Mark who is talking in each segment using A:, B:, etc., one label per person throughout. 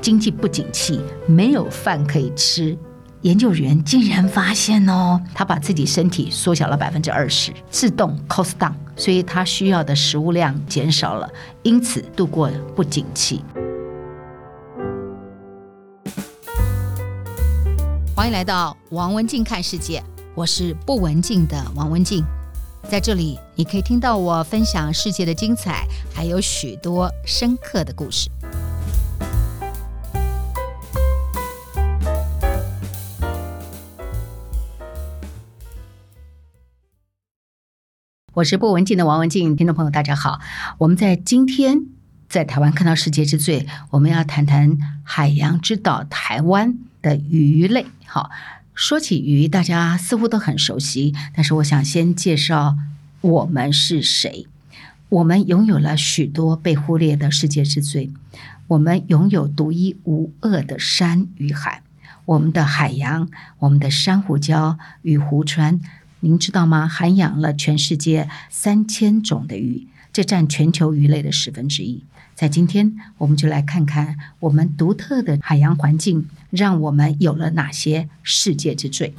A: 經濟不景氣，沒有飯可以吃。研究員竟然發現，哦，他把自己身體縮小了百分之二十，自動 cost down，所以他需要的食物量減少了，因此度過不景氣。歡迎來到王文靜看世界，我是不文靜的王文靜，在這裡你可以聽到我分享世界的精彩，還有許多深刻的故事。我是不文靜的王文靜，聽眾朋友，大家好。我們在今天在台灣看到世界之最，我們要談談海洋之島台灣的魚類。好，說起魚，大家似乎都很熟悉，但是我想先介紹我們是誰？我們擁有了許多被忽略的世界之最，我們擁有獨一無二的山與海，我們的海洋，我們的珊瑚礁與湖川。您知道嗎？涵養了全世界三千種的魚，這占全球魚類的十分之一。在今天，我們就來看看我們獨特的海洋環境，讓我們有了哪些世界之最。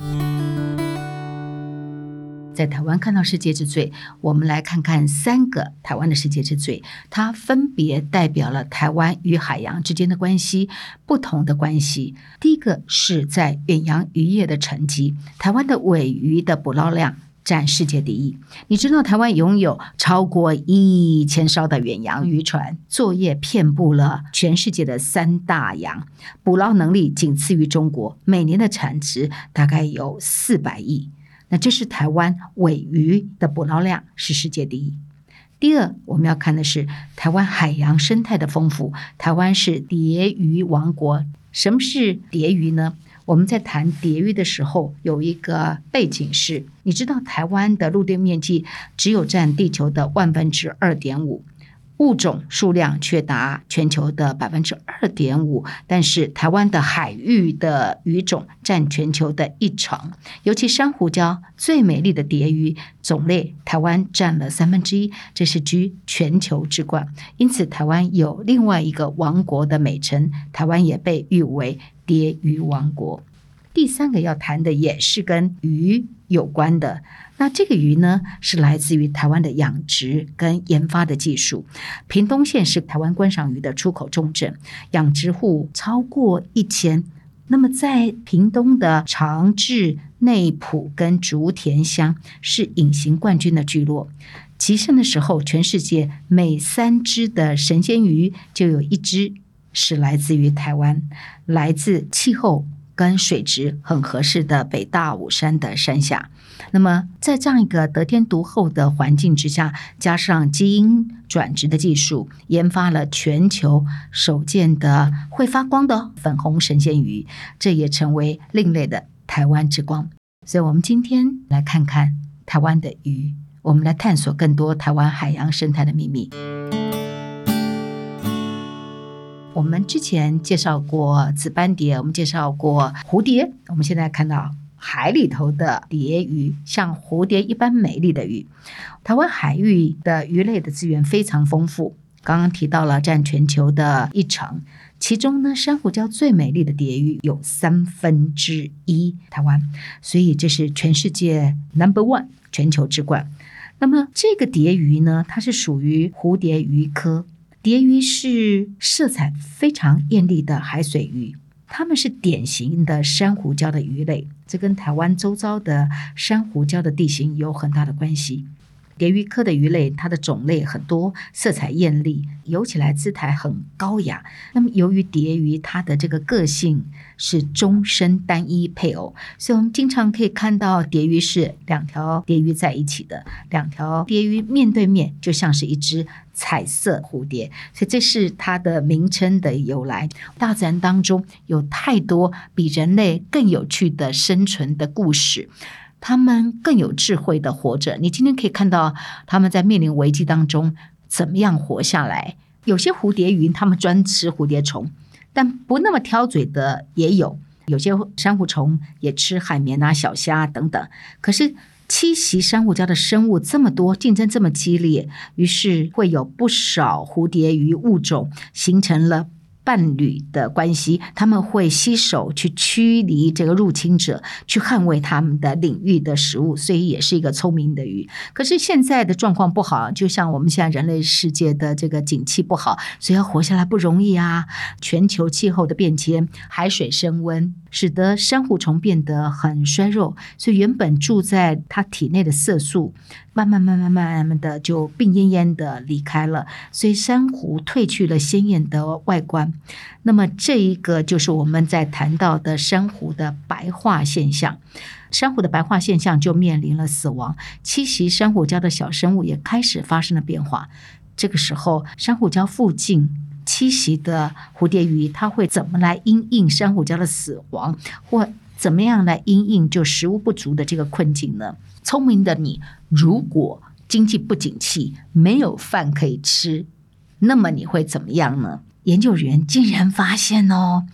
A: 在台灣看到世界之最，我們來看看三個台灣的世界之最，它分別代表了台灣與海洋之間的關係，不同的關係。第一個是在遠洋漁業的成績，台灣的鮪魚的捕撈量占世界第一。你知道台灣擁有超過一千艘的遠洋漁船，作業遍布了全世界的三大洋，捕撈能力僅次於中國，每年的產值大概有四百億。那這是台灣鮪魚的捕撈量是世界第一。第二，我們要看的是台灣海洋生態的豐富。台灣是蝶魚王國。什麼是蝶魚呢？我們在談蝶魚的時候，有一個背景是：你知道台灣的陸地面積只有占地球的萬分之二點五。物種數量卻達全球的百分之二點五，但是台灣的海域的魚種占全球的一成，尤其珊瑚礁最美麗的蝶魚種類，台灣占了三分之一，這是居全球之冠。因此，台灣有另外一個“王國”的美稱，台灣也被譽為蝶魚王國。第三個要談的也是跟魚有關的。那這個魚呢，是來自於台灣的養殖跟研發的技術。屏東縣是台灣觀賞魚的出口重鎮，養殖戶超過一千。那麼在屏東的長治、內埔跟竹田鄉是隱形冠軍的聚落，極盛的時候，全世界每三隻的神仙魚就有一隻是來自於台灣，來自氣候。跟水質很合適的北大武山的山下，那麼在這樣一個得天獨厚的環境之下，加上基因轉殖的技術，研發了全球首見的會發光的粉紅神仙魚，這也成為另類的台灣之光。所以，我們今天來看看台灣的魚，我們來探索更多台灣海洋生態的秘密。我們之前介紹過紫斑蝶，我們介紹過蝴蝶，我們現在看到海裡頭的蝶魚，像蝴蝶一般美麗的魚。台灣海域的魚類的資源非常豐富，剛剛提到了佔全球的一成，其中呢，珊瑚礁最美麗的蝶魚有三分之一台灣，所以這是全世界 number one 全球之冠。那麼這個蝶魚呢，它是屬於蝴蝶魚科。蝶魚是色彩非常豔麗的海水魚，它們是典型的珊瑚礁的魚類，這跟台灣周遭的珊瑚礁的地形有很大的關係。蝶魚科的魚類，它的種類很多，色彩豔麗，遊起來姿態很高雅。那麼，由於蝶魚它的這個個性是終身單一配偶，所以我們經常可以看到蝶魚是兩條蝶魚在一起的，兩條蝶魚面對面，就像是一隻。彩色蝴蝶，所以這是它的名稱的由來。大自然當中有太多比人類更有趣的生存的故事，他們更有智慧的活着。你今天可以看到他們在面臨危機當中怎麼樣活下來。有些蝴蝶魚，它們專吃蝴蝶蟲，但不那麼挑嘴的也有。有些珊瑚蟲也吃海綿啊、小蝦啊等等。可是。七席珊瑚礁的生物這麼多，競爭這麼激烈，於是會有不少蝴蝶魚物種形成了伴侶的關係。他們會洗手去驅離這個入侵者，去捍衛他們的領域的食物，所以也是一個聰明的魚。可是現在的狀況不好，就像我們現在人類世界的這個景氣不好，所以要活下來不容易啊！全球氣候的變遷，海水升溫。使得珊瑚蟲變得很衰弱，所以原本住在它體內的色素，慢慢慢慢慢慢的就病懨懨的離開了，所以珊瑚褪去了鮮豔的外觀。那麼這一個就是我們在談到的珊瑚的白化現象。珊瑚的白化現象就面臨了死亡。棲息珊瑚礁的小生物也開始發生了變化。這個時候，珊瑚礁附近。棲息的蝴蝶魚，它會怎麼來因應珊瑚礁的死亡，或怎麼樣來因應就食物不足的這個困境呢？聰明的你，如果經濟不景氣，沒有飯可以吃，那麼你會怎麼樣呢？研究人員竟然發現哦，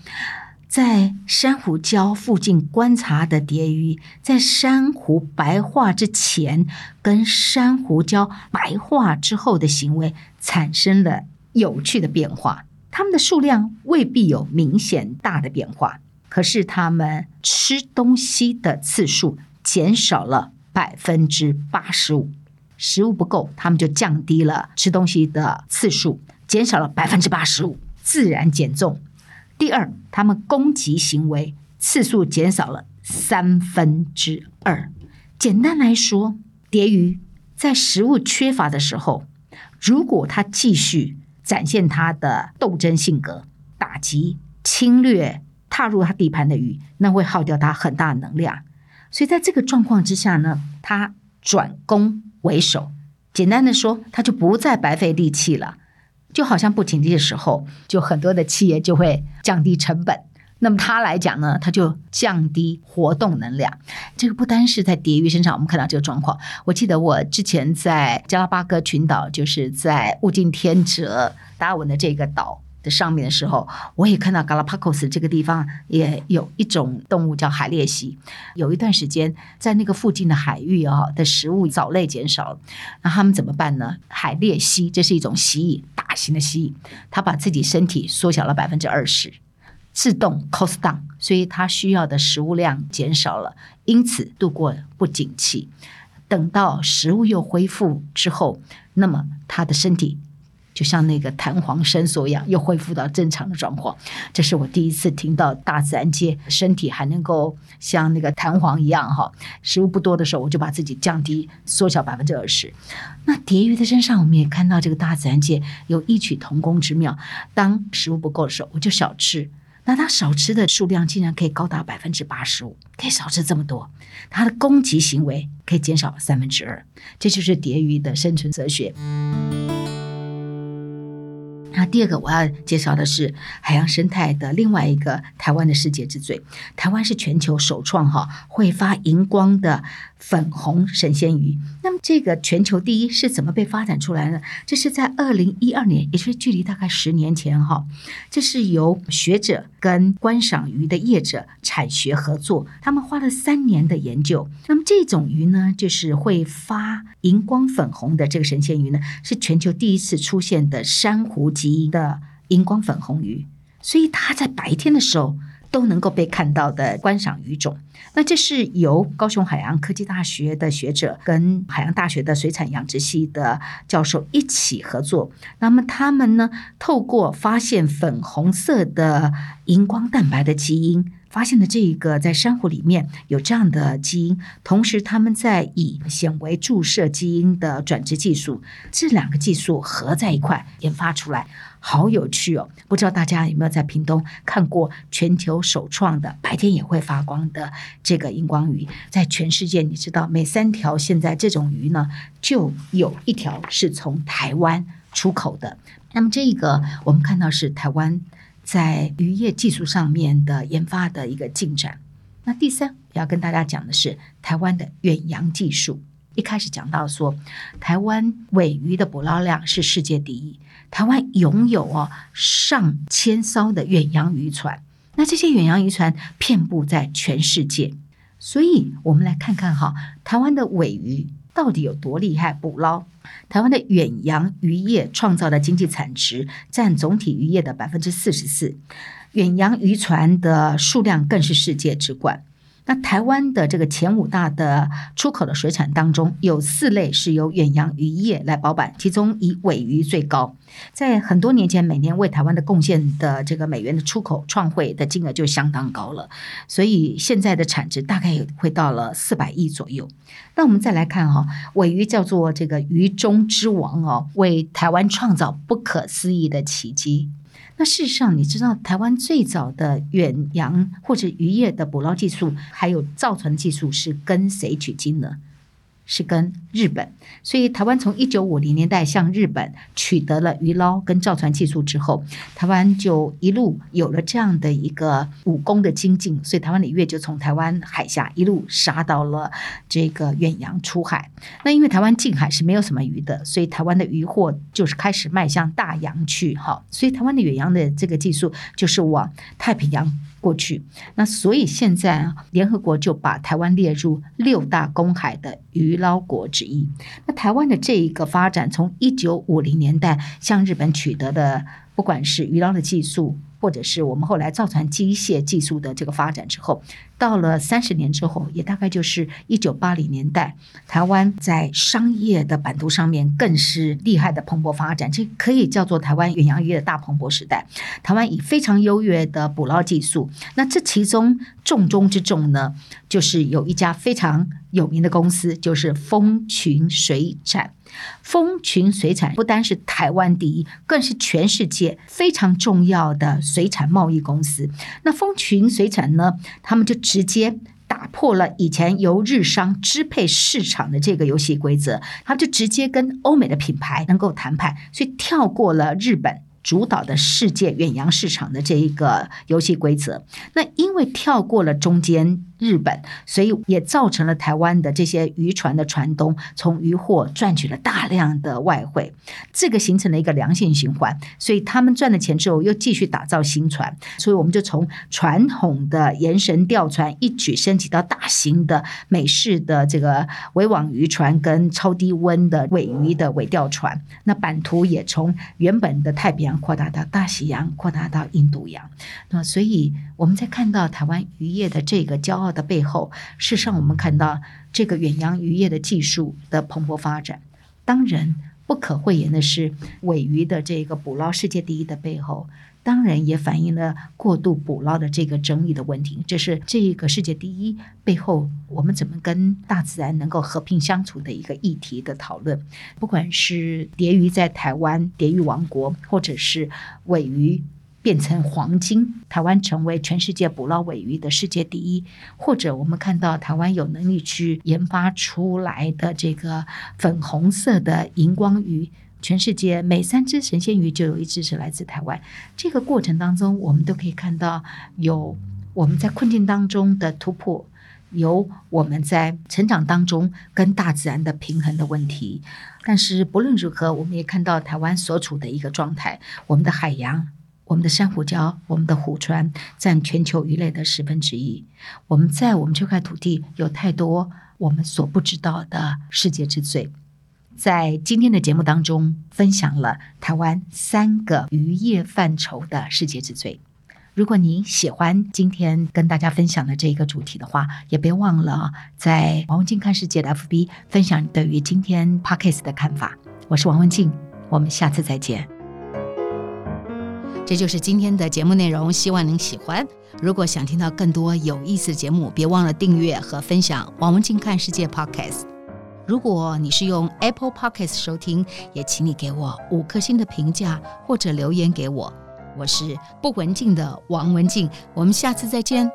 A: 在珊瑚礁附近觀察的蝶魚，在珊瑚白化之前跟珊瑚礁白化之後的行為產生了。有趣的變化，它們的數量未必有明顯大的變化，可是它們吃東西的次數減少了百分之八十五，食物不夠，它們就降低了吃東西的次數，減少了百分之八十五，自然減重。第二，它們攻擊行為次數減少了三分之二。簡單來說，蝶魚在食物缺乏的時候，如果它繼續。展現他的鬥爭性格，打擊侵略踏入他地盤的魚，那會耗掉他很大能量。所以在這個狀況之下呢，他轉攻為守。簡單的說，他就不再白費力氣了，就好像不景氣的時候，就很多的企業就會降低成本。那麼它來講呢，它就降低活動能量。這個不單是在蝶魚身上，我們看到這個狀況。我記得我之前在加拉巴哥群島，就是在物競天擇達爾文的這個島的上面的時候，我也看到 Galapagos 這個地方也有一種動物叫海鬣蜥。有一段時間，在那個附近的海域啊、哦、的食物藻類減少，那他們怎麼辦呢？海鬣蜥這是一種蜥蜴，大型的蜥蜴，它把自己身體縮小了百分之二十。自動 cost down，所以它需要的食物量減少了，因此度過不景氣。等到食物又恢復之後，那麼它的身體就像那個彈簧伸縮一樣，又恢復到正常的狀況。這是我第一次聽到大自然界身體還能夠像那個彈簧一樣哈。食物不多的時候，我就把自己降低縮小百分之二十。那蝶魚的身上我們也看到這個大自然界有異曲同工之妙。當食物不夠的時候，我就少吃。那它少吃的數量竟然可以高達百分之八十五，可以少吃這麼多，它的攻擊行為可以減少三分之二，這就是蝶魚的生存哲學。那第二個我要介紹的是海洋生態的另外一個台灣的世界之最，台灣是全球首創哈會發熒光的。粉紅神仙魚，那麼這個全球第一是怎麼被發展出來的？這，就是在二零一二年，也是距離大概十年前哈。這是由學者跟觀賞魚的業者產學合作，他們花了三年的研究。那麼這種魚呢，就是會發熒光粉紅的這個神仙魚呢，是全球第一次出現的珊瑚礁的熒光粉紅魚，所以它在白天的時候。都能夠被看到的觀賞魚種，那這是由高雄海洋科技大學的學者跟海洋大學的水產養殖系的教授一起合作。那麼他們呢，透過發現粉紅色的熒光蛋白的基因，發現了這一個在珊瑚裡面有這樣的基因。同時，他們在以顯微注射基因的轉殖技術，這兩個技術合在一塊研發出來。好有趣哦！不知道大家有沒有在屏東看過全球首創的白天也會發光的這個熒光魚？在全世界，你知道每三條現在這種魚呢，就有一條是從台灣出口的。那麼這個我們看到是台灣在漁業技術上面的研發的一個進展。那第三要跟大家講的是台灣的遠洋技術。一開始講到說，台灣鮪魚的捕撈量是世界第一。台灣擁有哦上千艘的遠洋漁船，那這些遠洋漁船遍布在全世界，所以我們來看看哈，台灣的鮪魚到底有多厲害捕撈？捕撈，台灣的遠洋漁業創造的經濟產值占總體漁業的百分之四十四，遠洋漁船的數量更是世界之冠。那台灣的這個前五大的出口的水產當中，有四類是由遠洋漁業來包辦。其中以鮪魚最高。在很多年前，每年為台灣的貢獻的這個美元的出口創匯的金額就相當高了，所以現在的產值大概也會到了四百億左右。那我們再來看哦，鮪魚叫做這個魚中之王哦，為台灣創造不可思議的奇蹟。那事實上，你知道台灣最早的遠洋或者漁業的捕撈技術，還有造船技術是跟誰取經的？是跟日本，所以台灣從一九五零年代向日本取得了魚撈跟造船技術之後，台灣就一路有了這樣的一個武功的精進，所以台灣的漁業就從台灣海峽一路殺到了這個遠洋出海。那因為台灣近海是沒有什麼魚的，所以台灣的漁獲就是開始邁向大洋去哈，所以台灣的遠洋的這個技術就是往太平洋過去。那所以現在聯合國就把台灣列入六大公海的。漁撈國之一。那台灣的這一個發展，從一九五零年代向日本取得的，不管是漁撈的技術，或者是我們後來造船機械技術的這個發展之後，到了三十年之後，也大概就是一九八零年代，台灣在商業的版圖上面更是厲害的蓬勃發展。這可以叫做台灣遠洋漁業的大蓬勃時代。台灣以非常優越的捕撈技術，那這其中重中之重呢，就是有一家非常。有名的公司就是豐群水產，豐群水產不單是台灣第一，更是全世界非常重要的水產貿易公司。那豐群水產呢，他們就直接打破了以前由日商支配市場的這個遊戲規則，他們就直接跟歐美的品牌能夠談判，所以跳過了日本主導的世界遠洋市場的這一個遊戲規則。那因為跳過了中間。日本，所以也造成了台灣的這些漁船的船東從漁獲賺取了大量的外匯，這個形成了一個良性循環。所以他們賺了錢之後，又繼續打造新船。所以我們就從傳統的延繩釣船一舉升級到大型的美式的這個圍網漁船跟超低溫的鮪魚的鮪釣船。那版圖也從原本的太平洋擴大到大西洋，擴大到印度洋。那所以。我們在看到台灣漁業的這個驕傲的背後，事實上我們看到這個遠洋漁業的技術的蓬勃發展。當然，不可諱言的是，鮪魚的這個捕撈世界第一的背後，當然也反映了過度捕撈的這個爭議的問題。這、就是這個世界第一背後，我們怎麼跟大自然能夠和平相處的一個議題的討論。不管是蝶魚在台灣蝶魚王國，或者是鮪魚，變成黃金，台灣成為全世界捕撈鮪魚的世界第一，或者我們看到台灣有能力去研發出來的這個粉紅色的熒光魚，全世界每三隻神仙魚就有一隻是來自台灣。這個過程當中，我們都可以看到有我們在困境當中的突破，有我們在成長當中跟大自然的平衡的問題。但是不論如何，我們也看到台灣所處的一個狀態，我們的海洋。我們的珊瑚礁，我們的虎川，佔全球魚類的十分之一。我們在我們這塊土地有太多我們所不知道的世界之最。在今天的節目當中，分享了台灣三個漁業範疇的世界之最。如果你喜歡今天跟大家分享的這一個主題的話，也別忘了在王文靜看世界的 FB 分享對於今天 podcast 的看法。我是王文靜，我們下次再見。這就是今天的節目內容，希望您喜歡。如果想聽到更多有意思的節目，別忘了訂閱和分享《王文靜看世界》Podcast。如果你是用 Apple Podcast 收聽，也請你給我五顆星的評價或者留言給我。我是不文靜的王文靜，我們下次再見。